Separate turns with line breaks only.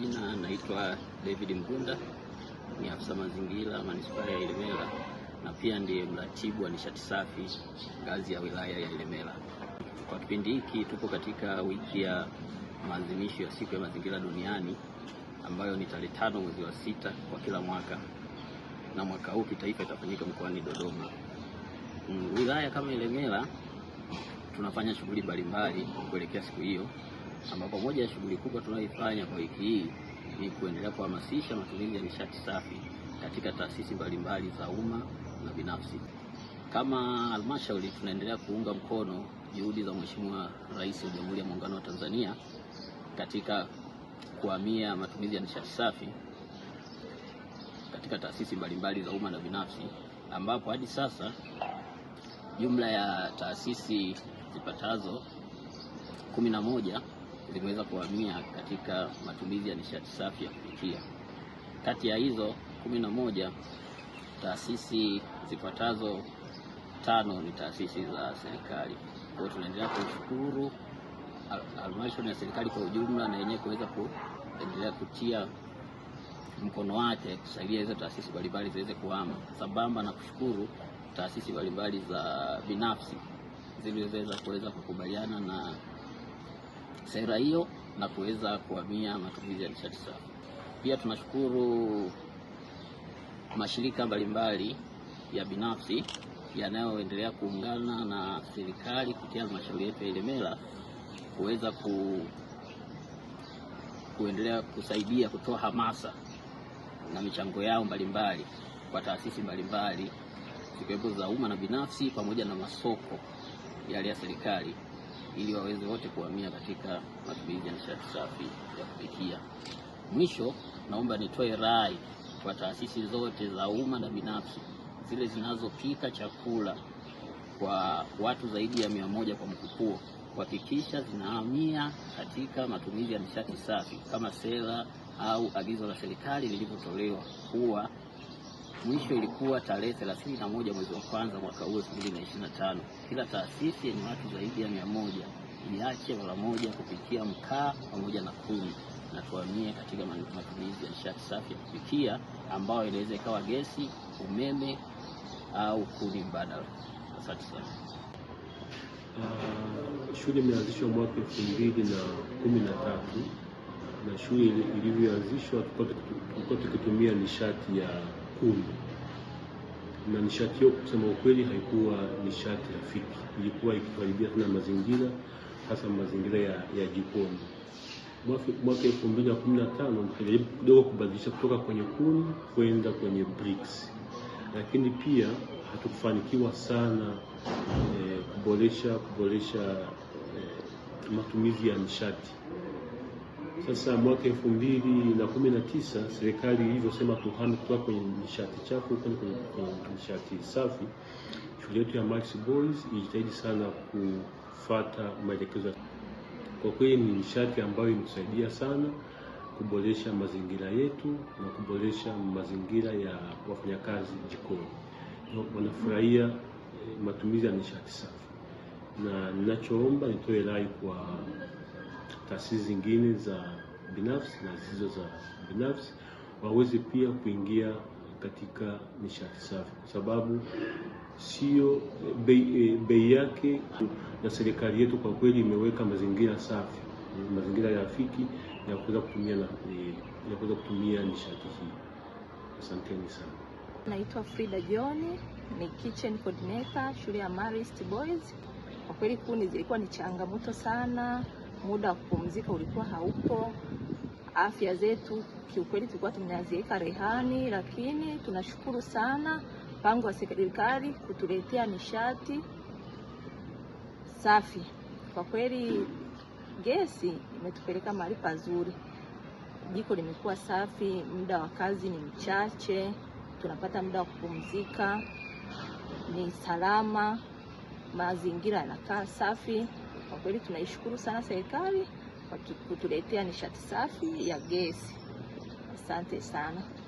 Majina naitwa David Mgunda, ni afisa mazingira manispaa ya Ilemela na pia ndiye mratibu wa nishati safi ngazi ya wilaya ya Ilemela. Kwa kipindi hiki tupo katika wiki ya maadhimisho ya siku ya mazingira duniani ambayo ni tarehe tano mwezi wa sita kwa kila mwaka, na mwaka huu kitaifa itafanyika mkoani Dodoma. Mm, wilaya kama Ilemela tunafanya shughuli mbalimbali kuelekea siku hiyo ambapo moja ya shughuli kubwa tunayoifanya kwa wiki hii ni kuendelea kuhamasisha matumizi ya nishati safi katika taasisi mbalimbali za umma na binafsi. Kama halmashauri tunaendelea kuunga mkono juhudi za Mheshimiwa Rais wa Jamhuri ya Muungano wa Tanzania katika kuhamia matumizi ya nishati safi katika taasisi mbalimbali za umma na binafsi, ambapo hadi sasa jumla ya taasisi zipatazo kumi na moja zimeweza kuhamia katika matumizi ya nishati safi ya kupikia. Kati ya hizo kumi na moja, taasisi zipatazo tano ni taasisi za serikali. Kwa hiyo tunaendelea kushukuru halmashauri ya serikali kwa ujumla na yenyewe kuweza kuendelea kutia mkono wake kusaidia hizo taasisi mbalimbali ziweze kuhama, sambamba na kushukuru taasisi mbalimbali za binafsi zilizoweza kuweza kukubaliana na sera hiyo na kuweza kuhamia matumizi ya nishati safi. Pia tunashukuru mashirika mbalimbali ya binafsi yanayoendelea kuungana na serikali kupitia halmashauri yetu ya Ilemela kuweza ku, kuendelea kusaidia kutoa hamasa na michango yao mbalimbali kwa taasisi mbalimbali zikiwepo za umma na binafsi pamoja na masoko yale ya serikali ili waweze wote kuhamia katika matumizi ya nishati safi ya kupikia. Mwisho, naomba nitoe rai kwa taasisi zote za umma na binafsi zile zinazopika chakula kwa watu zaidi ya mia moja kwa mkupuo kuhakikisha zinahamia katika matumizi ya nishati safi kama sera au agizo la serikali lilivyotolewa kuwa Mwisho ilikuwa tarehe 31 mwezi wa kwanza mwaka huu 2025. Kila taasisi yenye watu zaidi ya mia moja iache mara moja kupikia mkaa pamoja na kuni na tuhamie katika matumizi ya nishati safi ya kupikia ambayo inaweza ikawa gesi, umeme au kuni mbadala. Asante sana.
Uh, shule imeanzishwa mwaka elfu mbili na kumi na tatu na shule ilivyoanzishwa tulikuwa kutumia nishati ya nyekundu, na nishati hiyo kusema ukweli haikuwa nishati rafiki, ilikuwa ikituharibia sana mazingira, hasa mazingira ya, ya jikoni. Mwaka elfu mbili na kumi na tano kidogo kubadilisha kutoka kwenye kuni kwenda kwenye bricks, lakini pia hatukufanikiwa sana eh, kuboresha kuboresha eh, matumizi ya nishati. Sasa mwaka elfu mbili na kumi na tisa serikali ilivyosema tuhame kutoka kwenye nishati chafu kwenda kwenye, nishati safi, shule yetu ya Max Boys ilijitahidi sana kufata maelekezo. Kwa kweli ni nishati ambayo imetusaidia sana kuboresha mazingira yetu na kuboresha mazingira ya wafanyakazi jikoni, wanafurahia eh, matumizi ya nishati safi, na ninachoomba nitoe rai kwa taasisi zingine za binafsi na zisizo za binafsi waweze pia kuingia katika nishati safi, kwa sababu sio eh, bei eh, be yake, na serikali yetu kwa kweli imeweka mazingira safi, mazingira rafiki ya kuweza kutumia na eh, ya kuweza kutumia nishati hii. Asanteni sana.
Naitwa Frida John, ni kitchen coordinator shule ya Marist Boys. Kwa kweli kuni zilikuwa ni changamoto sana muda wa kupumzika ulikuwa haupo. Afya zetu kiukweli tulikuwa tunaziweka rehani, lakini tunashukuru sana mpango wa serikali kutuletea nishati safi. Kwa kweli gesi imetupeleka mahali pazuri, jiko limekuwa safi, muda wa kazi ni mchache, tunapata muda wa kupumzika, ni salama, mazingira yanakaa safi. Kwa kweli tunaishukuru sana serikali kwa kutuletea nishati safi ya gesi. Asante sana.